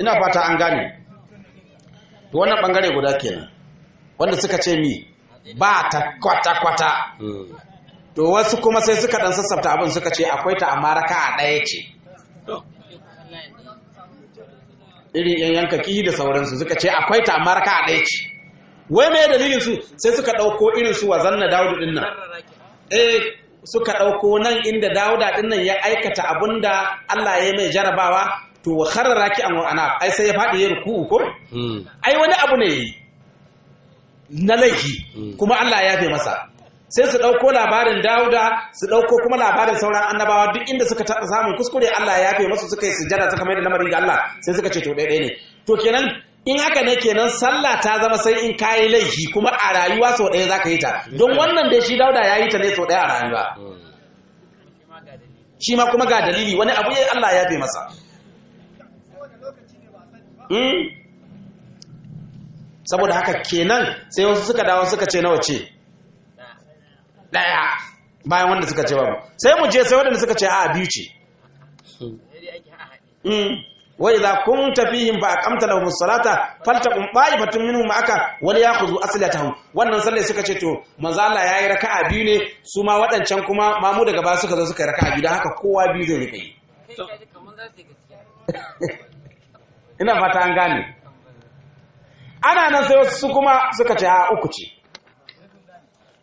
S2: ina fata an gane to wannan bangare guda kenan wanda suka ce mi ba ta kwata kwata hmm. to wasu kuma sai suka dan sassafta abin suka ce akwai ta amma a ɗaya ce irin yan yanka ki da sauransu suka ce akwai ta amma a ɗaya ce wai me dalilin su sai suka ɗauko irin su zanna dawudu din nan eh suka ɗauko nan inda dawuda din nan ya aikata abunda da Allah ya mai jarabawa to wa kharrara ki an wa'ana ai sai ya faɗi ya ruku ko hmm. ai wani abu ne na laifi hmm. kuma Allah ya fi masa sai su ɗauko labarin dauda su ɗauko kuma labarin sauran annabawa duk inda suka taɓa samun kuskure allah ya yafe masu suka yi sujada suka mai da lamarin ga allah sai suka ce to ɗaya ne to kenan in haka ne kenan sallah ta zama sai in kayi laifi kuma a rayuwa sau ɗaya za ka yi ta don wannan da shi dauda ya yi ta ne sau ɗaya a rayuwa shi ma kuma ga dalili wani abu ya allah ya yafe masa hmm? saboda haka kenan sai wasu suka dawo suka ce nawa ce daya bayan wanda suka ce babu sai mu je sai waɗanda suka ce a biyu ce hmm. wa idza kunta fihim fa aqamta lahum as-salata faltaqum ba'ibatun minhum ma'aka wal ya'khudhu aslatahum wannan sallai suka ce to manzo Allah yayi raka'a biyu ne su ma wadancan kuma mu daga ba suka zo suka yi raka'a biyu dan haka kowa biyu zai rika yi ina fata an gane ana nan sai wasu kuma suka ce a uku ce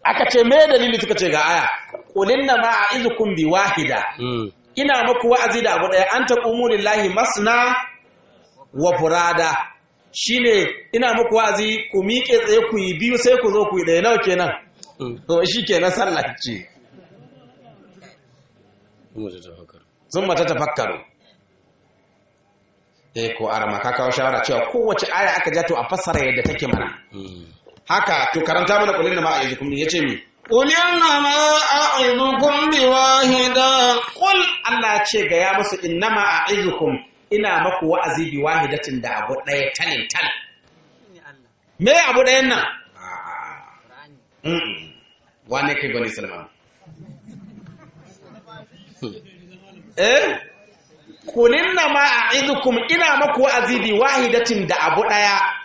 S2: aka ce me dalili suka ce ga aya Kulinna ma a a'izukum bi wahida hmm. ina muku wa'azi da abu daya an taqumu lillahi masna wa furada shine ina muku wa'azi ku miƙe tsaye ku yi biyu sai ku zo ku yi daya nawa kenan hmm. to shi kenan sallah ce sun mata tafakkaru eh ko arama ka kawo shawara cewa kowace aya aka ja to a fassara yadda take mana hmm. haka to karanta mana kullun ma a'izukum din yace mi qul innama
S1: a'izukum biwahida
S2: qul Allah ce ga ya musu innama a'izukum ina maku wa'azi biwahidatin da abu daya tanin tan me abu dayan nan wane kai gwani salman eh kulin na ma a ina maku wa'azi bi wahidatin da abu daya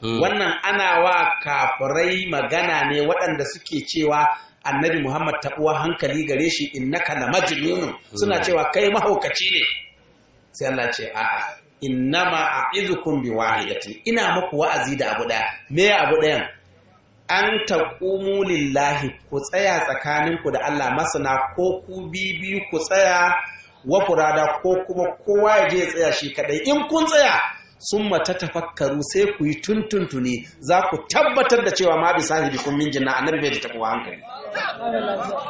S2: Hmm. wannan ana wa kafirai magana ne waɗanda suke cewa annabi muhammad taɓuwa hankali gare shi innaka na majnun hmm. suna cewa kai mahaukaci ne sai Allah ce a'a innama a'izukum bi wahidatin ina muku wa'azi da abu ɗaya me abu ɗayan an taqumu lillahi ku tsaya tsakaninku da Allah masana ko ku bibi ku tsaya wa furada ko kuma kowa ya je tsaya shi kaɗai in kun tsaya summa tafakkaru, sai ku yi tuntuntuni za ku tabbatar da cewa ma bi sahibi kun min jinna annabi bai da takwa hankali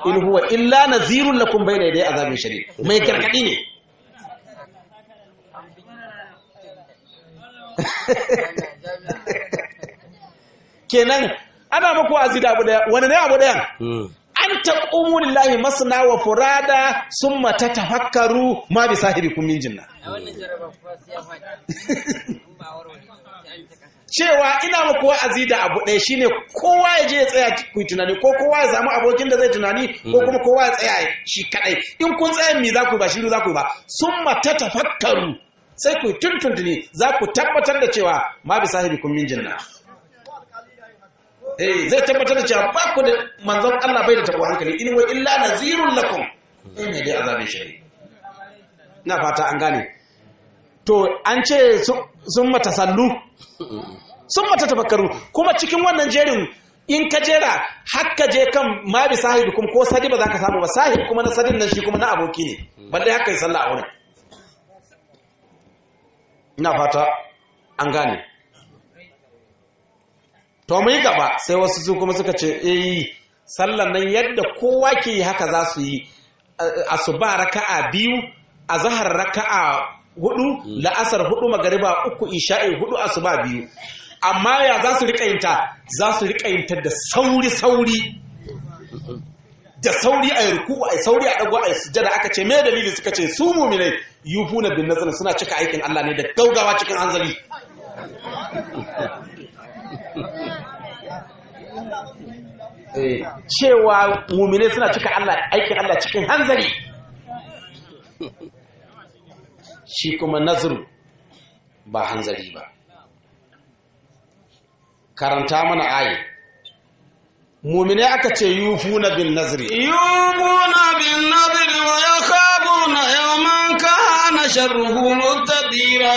S2: in huwa illa nazirun lakum bayna yaday azabin shadid mai gargadi ne kenan ana muku azida abu daya wani ne abu daya hmm. an taqumu lillahi masana wa furada summa tatafakkaru ma bi sahibikum min jinna cewa ina muku wa'azi da abu ɗaya shine kowa ya je ya tsaya ku tunani ko kowa ya samu abokin da zai tunani ko mm. kuma kowa ya tsaya shi kadai in kun tsaya mi za ku ba shiru za ku ba summa tatafakkaru sai ku tuntuntuni za ku tabbatar da cewa ma bi sahibikum min jinna
S3: Eh, zai tabbatar da cewa ba ku da
S2: manzon Allah bai da tabo hankali in wa illa nazirun lakum in dai azabin shari ina fata an gane to an ce sun mata sallu sun mata tafakkaru kuma cikin wannan jerin in ka jera haka je kan ma bi sahib kuma ko sadi ba za ka samu ba sahib kuma na sadin nan shi kuma na aboki ne balle haka yi sallah a wurin ina fata an gane to mu yi gaba sai wasu su kuma suka ce eh sallan nan yadda kowa ke yi haka za su yi asuba raka'a biyu azhar raka'a hudu hmm. la'asar hudu magariba uku isha'i hudu asuba biyu amma ya za su rika yinta za su rika yinta da sauri sauri da sauri a ruku a sauri a dago a sujada aka ce me dalili suka ce su mu'minai yufuna bin nazar suna cika aikin Allah ne da gaugawa cikin hanzari Eh, cewa mumine suna cika aikin Allah cikin hanzari shi kuma nazaru ba hanzari ba karanta mana ayi mumine aka ce na bin Yufu na bin nazri
S1: wa yakhabuna yawman kana sharruhu mustadira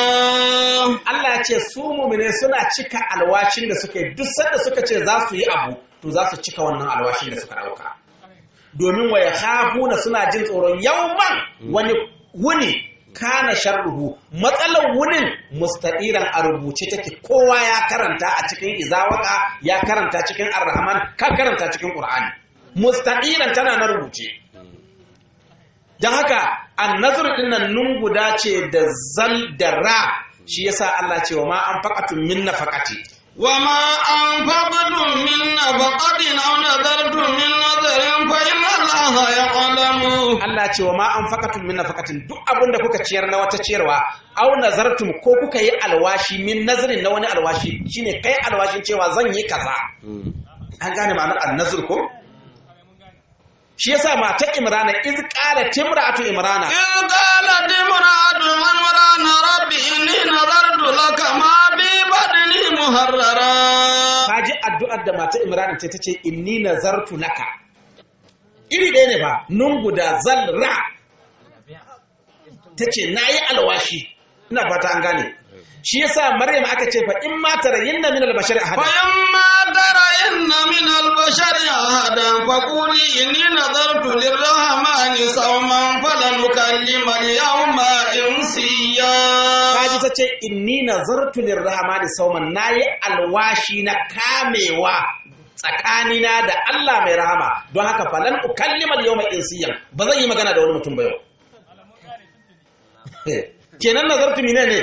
S1: Allah ce su mumine suna cika
S2: alwacin da suke duk sanda suka ce za su yi abu to za su cika wannan alwashin da suka dauka domin waya khafuna suna jin tsoron yawman wani wuni kana sharruhu matsalar wunin mustadiran a rubuce take kowa ya karanta a cikin izawaka ya karanta cikin arrahman ka karanta cikin qur'ani mustadiran tana na rubuce dan haka annazr dinnan nun guda ce da zal da ra shi yasa Allah ce wa ma an faqatu min nafaqati وما أنفقتم من نفقة أو نذرتم من na فإن الله يعلم Allah ce wa ma anfaqatum min nafaqatin duk abin da kuka ciyar na wata ciyarwa aw nazartum ko kuka yi alwashi min nazarin na wani alwashi shine kai alwashin cewa zan yi kaza an gane ma'anar annazur ko shi yasa matar imrana iz qala timratu imrana
S1: iz qala timratu imrana rabbi inni nadartu laka ma bi badni muharrara
S2: kaji addu'ar da matar imrana ce tace inni nazartu laka iri ɗaya ne ba nun guda zalra tace nayi alwashi ina fata an gane shi yasa maryam aka ce fa in ma tarayinna min
S1: al-bashari ahada fa in ma tarayinna min al-bashari ahada fa quli inni nadartu lir-rahmani sawman falan ukallima al-yawma
S2: insiya kaji tace inni nazartu lir-rahmani sawman nayi alwashi na kamewa tsakanina da Allah mai rahama don haka falan ukallima al-yawma insiya ba zan yi magana da wani mutum ba yau kenan nazartu mine ne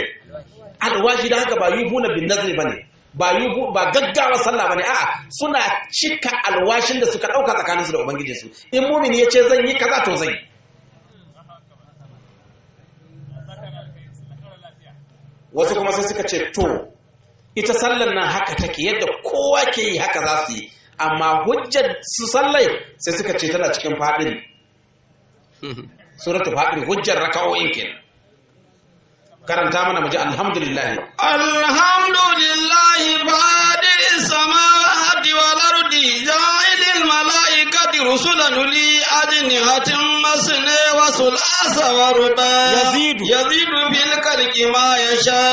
S2: alwashi da haka ba yi na bin ba bane ba yubu ba gaggawa sallah bane a'a suna cika alwashin da suka dauka tsakanin su da ubangijinsu. su in mumin ya ce zan yi kaza to zan yi wasu kuma sai suka ce to ita sallar nan haka take yadda kowa ke yi haka za su yi amma hujjar su sallai sai suka ce tana cikin fadin suratul fadin hujjar raka'o'in kenan karanta mana muji alhamdulillah
S1: alhamdulillah badir samawati wal ardi jaidil malaikati rusulan li ajni hatim masne wasul wa ruba yazidu yazidu bil kalki ma yasha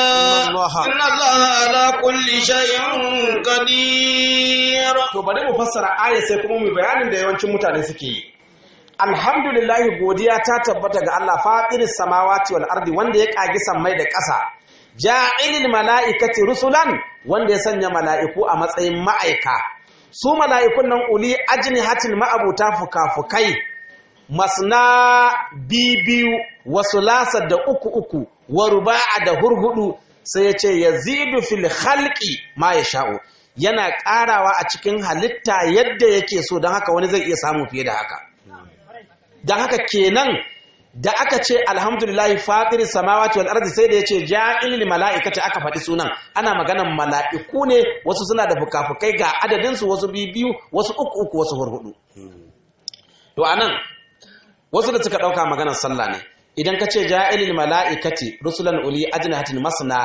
S1: inna allah ala kulli shay'in
S2: qadir to bari mu fassara aya sai kuma mu bayanin da yawancin mutane suke yi alhamdulillahi godiya ta tabbata ga Allah fatiris samawati wal ardi wanda ya ƙagi sammai da ƙasa ja'ilil mala'ikati rusulan wanda ya sanya mala'iku a matsayin ma'aika su mala'ikun nan uli ajnihatil ma'abuta fukafukai masna bibiyu wasu da uku uku wa ruba'a da hurhudu sai ya ce yazidu fil khalqi ma yasha'u yana ƙarawa a cikin halitta yadda yake so don haka wani zai iya samu fiye da haka don haka kenan da aka ce alhamdulillahi fatir samawati wal ardi sai da yace ja'il lil mala'ikati aka faɗi sunan ana maganan mala'iku ne wasu suna da fukafukai ga adadin su wasu bibiyu wasu uku uku wasu hurhudu to anan wasu da suka dauka maganar sallah ne idan ka ce ja'il lil mala'ikati rusulan uli ajnahatin masna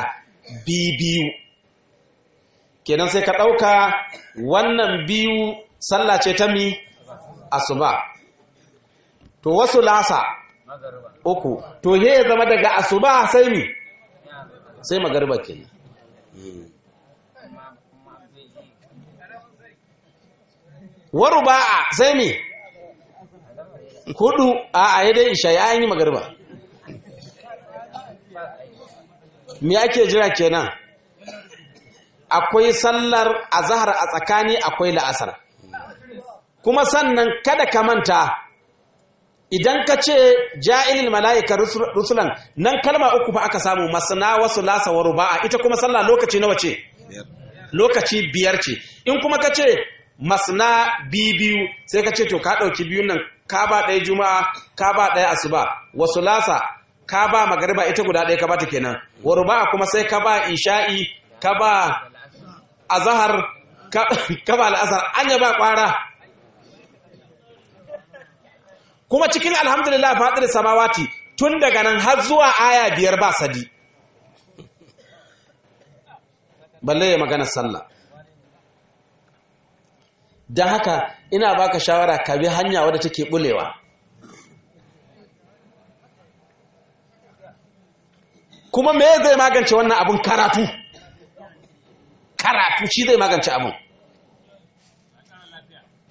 S2: bibiyu kenan sai ka dauka wannan biyu sallah ce ta mi asuba to wasu lasa uku to ye ya zama daga asuba sai mi sai magarba kenan hmm. wa ruba'a sai mi hudu a a dai isha ya yi magarba me ake jira kenan akwai sallar azahar a tsakani akwai la'asar kuma sannan kada ka manta idan ka ce ja'ilil mala'ika rusulan nan kalma uku ba aka samu masana wasu lasa wa ruba'a ita kuma sallah lokaci nawa ce lokaci biyar ce in kuma ka ce masana biyu sai ka ce to ka ɗauki biyun nan ka ba ɗaya juma'a ka ba ɗaya asuba wasu lasa ka ba magariba ita guda ɗaya ka ba ta kenan wa ruba'a kuma sai ka ba isha'i ka ba azahar ka ba al'asar an ya ba ƙwara kuma cikin alhamdulillah fatir samawati tun daga nan har zuwa aya biyar ba sadi balle ya magana sallah don haka ina baka shawara ka bi hanya wadda take bulewa kuma me zai magance wannan abun karatu karatu shi zai magance abun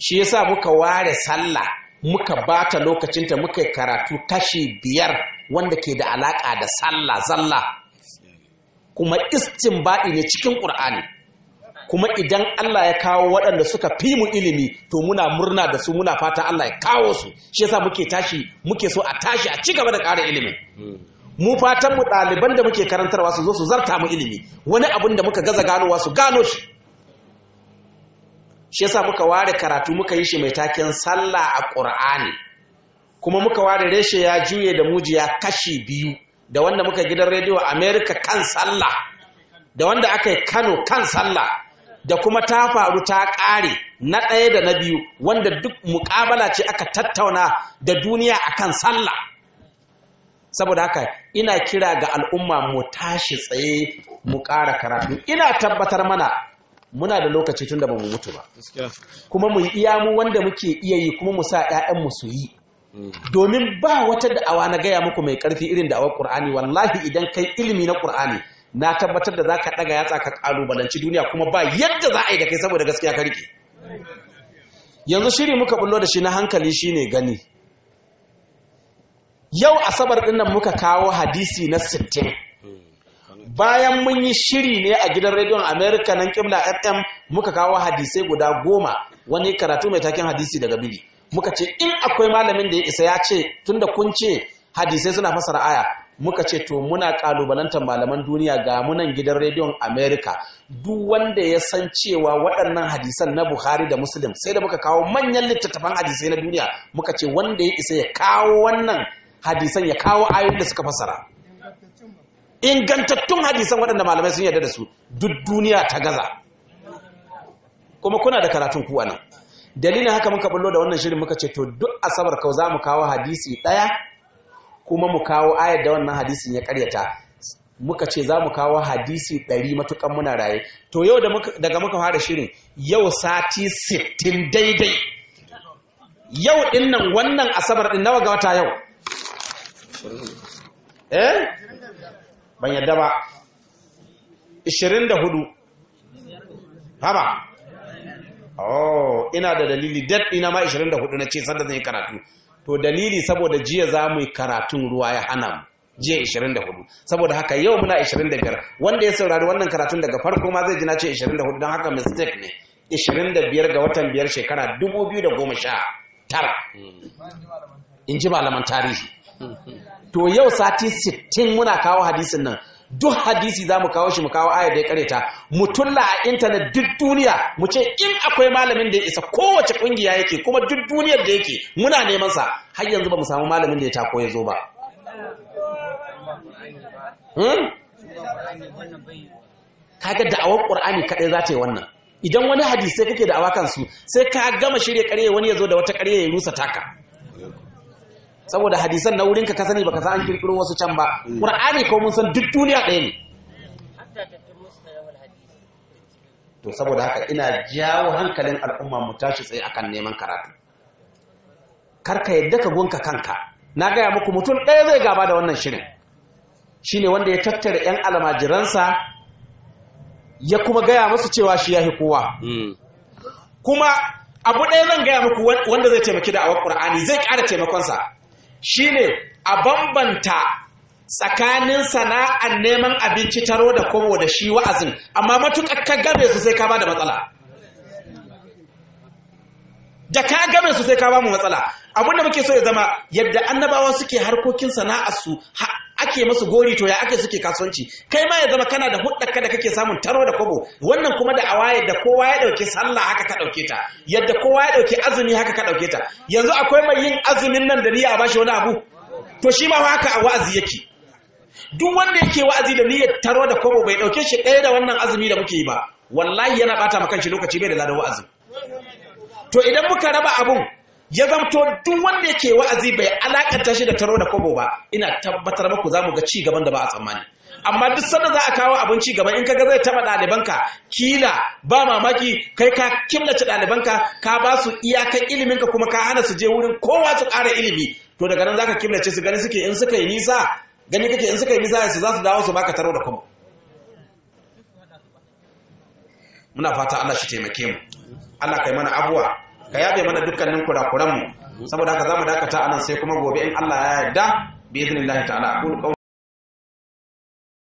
S2: shi yasa muka ware sallah muka bata lokacinta muka karatu kashi biyar wanda ke da alaƙa da sallah zalla kuma baɗi ne cikin ƙur'ani kuma idan Allah ya kawo waɗanda suka fi mu ilimi to muna murna da su muna fatan Allah ya kawo su shi yasa muke tashi muke so a tashi a ci gaba da ƙara ilimi. mu fatan mu ɗaliban da muke karantarwa su zo su zarta mu ilimi wani abin da muka gaza ganowa su gano shi shi yasa muka ware karatu muka yi shi mai taken sallah a ƙur'ani kuma muka ware reshe ya juye da muji ya kashi biyu da wanda muka gidan rediyo Amerika kan sallah da wanda aka yi kano kan sallah da kuma ta faru ta ƙare na ɗaya da na biyu wanda duk muƙabala ce aka tattauna da duniya a kan sallah saboda haka ina kira ga al'umma mu tashi tsaye mu ƙara karatu ina tabbatar mana muna da lokaci tun da ba mu mutu ba kuma mu iya mu wanda muke iya yi kuma mu sa 'ya'yan mu su yi domin ba wata da'awa na gaya muku mai karfi irin da'awar Qur'ani wallahi idan kai ilimi na Qur'ani na tabbatar da zaka daga yatsa ka kalubalanci duniya kuma ba yadda za a yi da kai saboda gaskiya ka rike yanzu shiri muka bullo da shi na hankali shi ne gani yau asabar ɗinnan muka kawo hadisi na sittin. bayan mun yi shiri ne a gidan rediyon Amerika nan kimla fm muka kawo hadisai guda goma wani karatu mai takin hadisi daga bili muka ce in akwai malamin da ya isa ya ce tunda kun ce hadisai suna fasara aya muka ce to muna kalubalantar malaman duniya ga munan gidan rediyon Amerika. duk wanda ya san cewa waɗannan hadisan na buhari da muslim sai da muka kawo manyan littattafan hadisai na duniya muka ce wanda ya isa ya kawo wannan hadisan ya kawo ayoyin da suka fasara ingantattun hadisan waɗanda malamai sun yarda da su duk duniya ta gaza kuma kuna da karatun kuwa nan dalilin haka muka bullo da wannan shirin muka ce to duk asabar Kau za mu kawo hadisi ɗaya kuma mu kawo ayar da wannan hadisin ya karyata muka ce za mu kawo hadisi ɗari matukan muna raye to yau daga muka fara shirin yau sati sittin daidai yau ɗin nan wannan asabar ɗin nawa ga wata yau eh ban yadda ba 24 haba oh ina da dalili dat ina ma 24 na ce sanda zan yi karatu to dalili saboda jiya za mu yi karatun ruwa ya hana mu jiya 24 saboda haka yau muna 25 wanda ya saurari wannan karatun daga farko ma zai ji na ce 24 don haka mistake ne 25 ga watan biyar shekara 2019 in ji malaman tarihi to yau sati sittin muna kawo hadisin nan duk hadisi za mu kawo shi mu kawo aya da ya kareta mu tulla a intanet duk duniya mu ce in akwai malamin da ya isa kowace kungiya yake kuma duk duniyar da yake muna neman sa har yanzu ba mu samu malamin da ya tako ya zo ba hmm? kaga da'awar qur'ani kaɗai za ta yi wannan idan wani hadisi kake da su sai ka gama shirya karya wani ya zo da wata karya ya rusa taka saboda hadisan na wurinka ka sani baka san an kirkiro wasu can ba mm. qur'ani ko mun san duk duniya ɗaya ne to saboda haka ina jawo hankalin al'umma mu tashi tsaye akan neman karatu karka yadda ka gunka kanka na gaya muku mutum ɗaya zai gaba da wannan shirin shine wanda ya tattara 'yan almajiransa ya kuma gaya musu cewa shi ya fi kowa mm. kuma abu ɗaya zan gaya muku wanda zai taimaki da awar ƙur'ani zai ƙara taimakonsa shine a bambanta tsakanin sana'ar neman abinci taro da kobo da shi wa'azin amma matuƙar ka game su sai ka ba da matsala da ka game su sai ka ba mu matsala abin da muke so ya zama yadda annabawa suke harkokin sana'arsu ake masu gori to ya ake suke kasuwanci kai ma ya zama kana da hudda da kake samun taro da kwabo wannan kuma da awaye da kowa ya dauke sallah haka ka dauke ta yadda kowa ya dauke azumi haka ka dauke ta yanzu akwai mai yin azumin nan da niyya a bashi wani abu to shi ma haka a wa'azi yake duk wanda yake wa'azi da niyyar taro da kwabo bai dauke shi ɗaya da wannan azumi da muke yi ba wallahi yana bata maka shi lokaci bai da ladan wa'azi to idan muka raba abun ya zamto duk wanda yake wa'azi bai alakanta shi da taro da kobo ba ina tabbatar maku za mu ga ci gaban da ba a tsammani amma duk sanda za a kawo abin ci gaba in kaga zai taba ɗalibanka kila ba mamaki kai ka killace ɗalibanka ka ba su iyakan iliminka kuma ka hana su je wurin kowa su ƙara ilimi to daga nan zaka killace su gani suke in suka yi nisa gani kake in suka yi nisa su za su dawo su baka taro da kuma muna fata Allah shi taimake mu Allah kai mana abuwa ka yabe mana dukkanin kurakuranmu saboda haka zamu dakata anan sai kuma gobe in Allah ya yarda bi idnillahi ta'ala